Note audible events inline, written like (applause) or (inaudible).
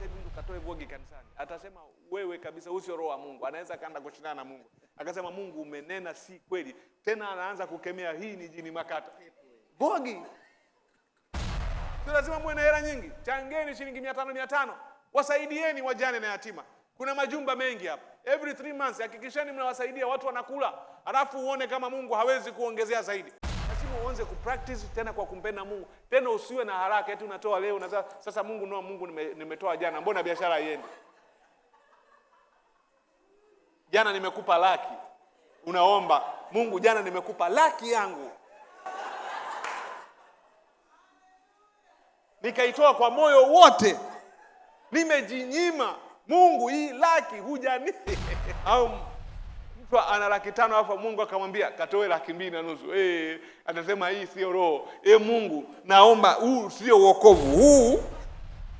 sasa hivi mtu katoe vogi kanisani, atasema wewe kabisa usio roho wa Mungu. Anaweza kaenda kushindana na Mungu akasema Mungu umenena si kweli, tena anaanza kukemea, hii ni jini makata vogi. lazima muwe na hela nyingi, changeni shilingi mia tano mia tano wasaidieni wajane na yatima. Kuna majumba mengi hapa, every three months hakikisheni mnawasaidia watu wanakula, alafu uone kama Mungu hawezi kuongezea zaidi lazima uanze kupractice tena kwa kumpenda Mungu, tena usiwe na haraka eti unatoa leo unasema sasa Mungu noa Mungu nime, nimetoa jana, mbona biashara iende? Jana nimekupa laki, unaomba Mungu, jana nimekupa laki yangu nikaitoa kwa moyo wote, nimejinyima Mungu, hii laki hujani (laughs) au Mtu ana laki tano alafu Mungu akamwambia katoe laki mbili na nusu. Eh, atasema hii sio roho. Eh, Mungu naomba huu sio wokovu. Huu